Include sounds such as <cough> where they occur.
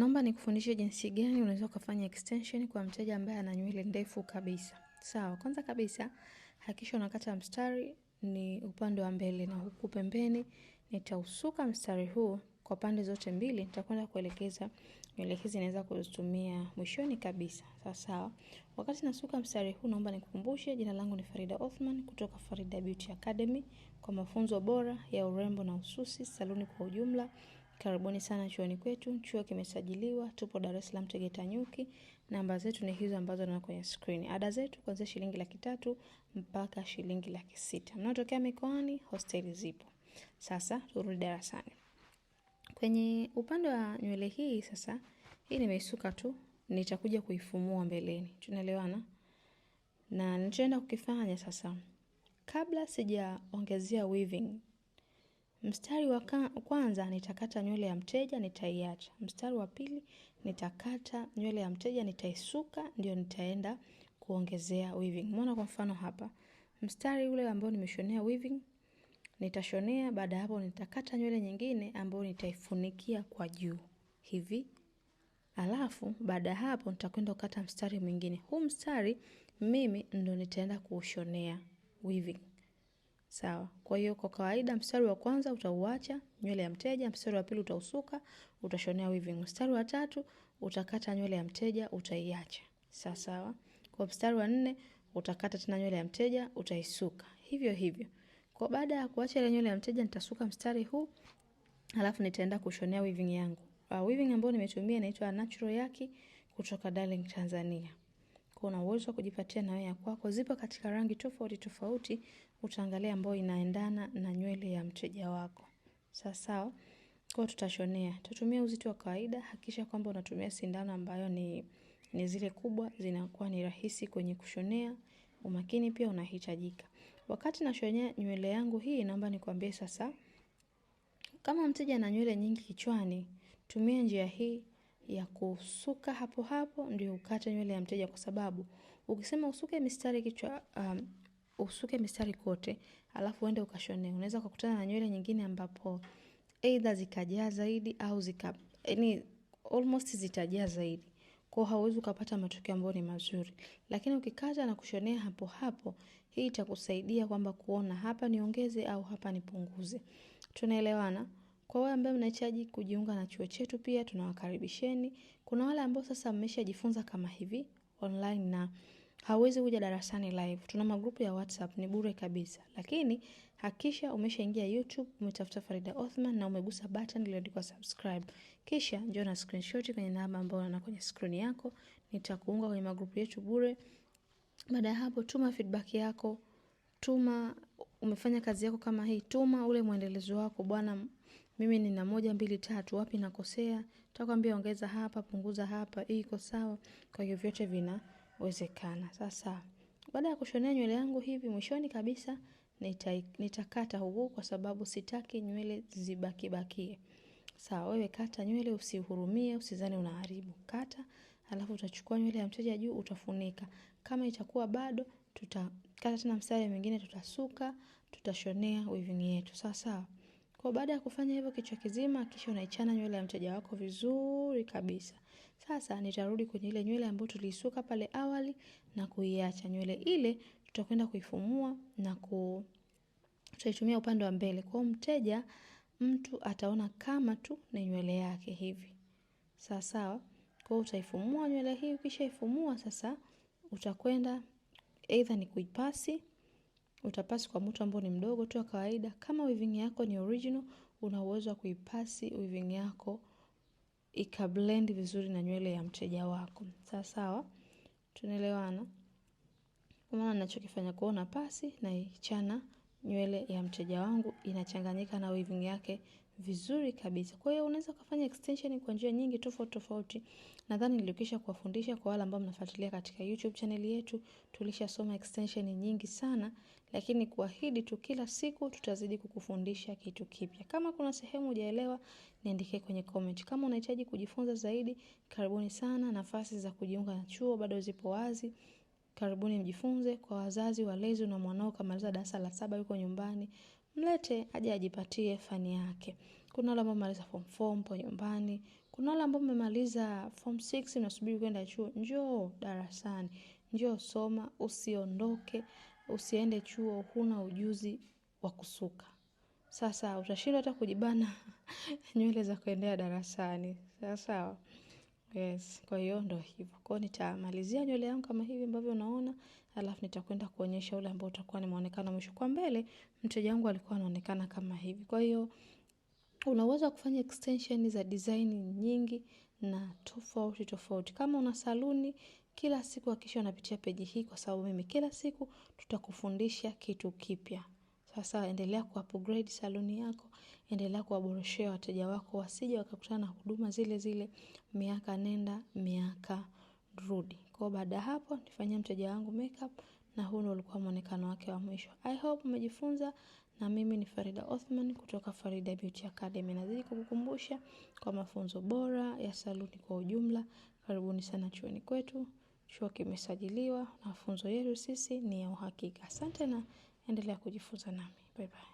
Naomba nikufundishe jinsi gani unaweza kufanya extension kwa mteja ambaye ana nywele ndefu kabisa. Sawa, kwanza kabisa hakikisha unakata mstari ni upande wa mbele na huku pembeni nitausuka mstari huu kwa pande zote mbili, nitakwenda kuelekeza nywele hizi naweza kuzitumia mwishoni kabisa. Sawa sawa. Wakati nasuka mstari huu naomba nikukumbushe jina langu ni Farida Othman kutoka Farida Beauty Academy kwa mafunzo bora ya urembo na ususi saluni kwa ujumla. Karibuni sana chuoni kwetu. Chuo kimesajiliwa, tupo Dar es Salaam Tegeta Nyuki. Namba zetu ni hizo ambazo naona kwenye skrini. Ada zetu kuanzia shilingi laki tatu mpaka shilingi laki sita. Mnaotokea mikoani, hosteli zipo. Sasa turudi darasani. Kwenye upande wa nywele hii sasa, hii nimeisuka tu, nitakuja kuifumua mbeleni. Tunaelewana? Na nitaenda kukifanya sasa. Kabla sijaongezea weaving Mstari wa kwanza nitakata nywele ya mteja nitaiacha. Mstari wa pili nitakata nywele ya mteja nitaisuka, ndio nitaenda kuongezea weaving. Umeona, kwa mfano hapa mstari ule ambao nimeshonea weaving nitashonea. Baada ya hapo, nitakata nywele nyingine ambayo nitaifunikia kwa juu hivi, alafu baada ya hapo nitakwenda kukata mstari mwingine. Huu mstari mimi ndo nitaenda kuushonea weaving. Sawa. Kwa hiyo kwa kawaida mstari wa kwanza utauacha nywele ya mteja, mstari wa pili utausuka, utashonea weaving. Mstari wa tatu utakata nywele ya mteja, utaiacha. Sawa sawa. Kwa mstari wa nne utakata tena nywele ya mteja, utaisuka. Hivyo hivyo. Kwa baada ya kuacha ile nywele ya mteja nitasuka mstari huu alafu nitaenda kushonea weaving yangu. Uh, weaving ambayo nimetumia inaitwa Natural Yaki kutoka Darling Tanzania. Kuna uwezo wa kujipatia na wewe ya kwako. Zipo katika rangi tofauti tofauti utaangalia ambayo inaendana na nywele ya mteja wako. Sawa sawa. Kwa tutashonea. Tutumia uzito wa kawaida, hakikisha kwamba unatumia sindano ambayo ni ni zile kubwa zinakuwa ni rahisi kwenye kushonea. Umakini pia unahitajika. Wakati nashonea nywele yangu hii naomba nikwambie sasa kama mteja ana nywele nyingi kichwani, tumia njia hii ya kusuka hapo hapo ndio ukate nywele ya mteja kwa sababu ukisema usuke mistari kichwa um, usuke mistari kote, alafu uende ukashonea Unaweza ukakutana na nywele nyingine ambapo either zikajaa zaidi au zika yani almost zitajaa zaidi. Kwa hauwezi ukapata matokeo ambayo ni mazuri. Lakini ukikata na kushonea hapo hapo, hii itakusaidia kwamba kuona hapa niongeze au hapa nipunguze. Tunaelewana? Kwa wale ambao mnahitaji kujiunga na chuo chetu pia tunawakaribisheni. Kuna wale ambao sasa mmeshajifunza kama hivi online na hauwezi kuja darasani live. Tuna magrupu ya WhatsApp ni bure kabisa, lakini hakisha umeshaingia YouTube, umetafuta Farida Othman na umegusa button iliyoandikwa subscribe, kisha njoo na screenshot kwenye namba ambayo unaona kwenye screen yako. Nitakuunga kwenye magrupu yetu bure. Baada ya hapo, tuma feedback yako, tuma umefanya kazi yako kama hii, tuma ule mwendelezo wako, bwana mimi nina moja mbili tatu, wapi nakosea, tutakwambia ongeza hapa, punguza hapa, hii iko sawa. Kwa hiyo vyote vina inawezekana. Sasa baada ya kushonea nywele yangu hivi mwishoni kabisa nita, nitakata huku kwa sababu sitaki nywele zibaki bakie. Sawa, wewe kata nywele, usihurumie, usizani unaharibu. Kata, alafu utachukua nywele ya mteja juu utafunika. Kama itakuwa bado tutakata tena mstari mwingine, tutasuka, tutashonea weaving yetu. Sawa sawa. Kwa baada ya kufanya hivyo kichwa kizima, kisha unaichana nywele ya mteja wako vizuri kabisa. Sasa nitarudi kwenye ile nywele ambayo tuliisuka pale awali na kuiacha. Nywele ile tutakwenda kuifumua na ku tutaitumia upande wa mbele. Kwa mteja mtu ataona kama tu ni nywele yake hivi. Sawa sawa. Kwa utaifumua nywele hii, ifumua sasa utakwenda either ni kuipasi utapasi kwa mtu ambao ni mdogo tu wa kawaida. Kama weaving yako ni original, una uwezo wa kuipasi weaving yako ikablend vizuri na nywele ya mteja wako sawa sawa, tunaelewana? Kwa maana ninachokifanya kuona pasi na ichana nywele ya mteja wangu inachanganyika na weaving yake vizuri kabisa. Kwa hiyo unaweza kufanya extension kwa njia nyingi tofauti tofauti. Nadhani nilikisha kuwafundisha kwa wale ambao mnafuatilia katika YouTube channel yetu, tulishasoma extension nyingi sana lakini kuahidi tu kila siku tutazidi kukufundisha kitu kipya. Kama kuna sehemu hujaelewa, niandikie kwenye comment. Kama unahitaji kujifunza zaidi, karibuni sana. Nafasi za kujiunga na chuo bado zipo wazi. Karibuni mjifunze. Kwa wazazi walezi, na mwanao kamaliza darasa la saba yuko nyumbani, mlete aje ajipatie fani yake. Kuna wale ambao mmemaliza form 4 mpo nyumbani, kuna wale ambao mmemaliza form 6 mnasubiri kwenda chuo. Njoo darasani, njoo soma, usiondoke usiende chuo, huna ujuzi wa kusuka. Sasa utashindwa hata kujibana <laughs> nywele za kuendea darasani, sawa sawa. Yes, kwa hiyo ndo hivyo. Kwa hiyo nitamalizia nywele yangu kama hivi ambavyo unaona, alafu nitakwenda kuonyesha ule ambao utakuwa ni muonekano mwisho. Kwa mbele mteja wangu alikuwa anaonekana kama hivi. Kwa hiyo unaweza kufanya extension za design nyingi na tofauti tofauti. Kama una saluni kila siku hakikisha unapitia peji hii, kwa sababu mimi kila siku tutakufundisha kitu kipya. Sasa endelea ku upgrade saluni yako, endelea kuwaboreshea wateja wako, wasije wakakutana na huduma zile zile miaka nenda miaka rudi. Kwa baada ya hapo, nifanyia mteja wangu makeup, na huu ndio ulikuwa muonekano wake wa mwisho. I hope umejifunza, na mimi ni Farida Othman kutoka Farida Beauty Academy. Nazidi kukukumbusha kwa mafunzo bora ya saluni kwa ujumla. Karibuni sana chuoni kwetu chuo kimesajiliwa na mafunzo yetu sisi ni ya uhakika. Asante na endelea kujifunza nami. Bye bye.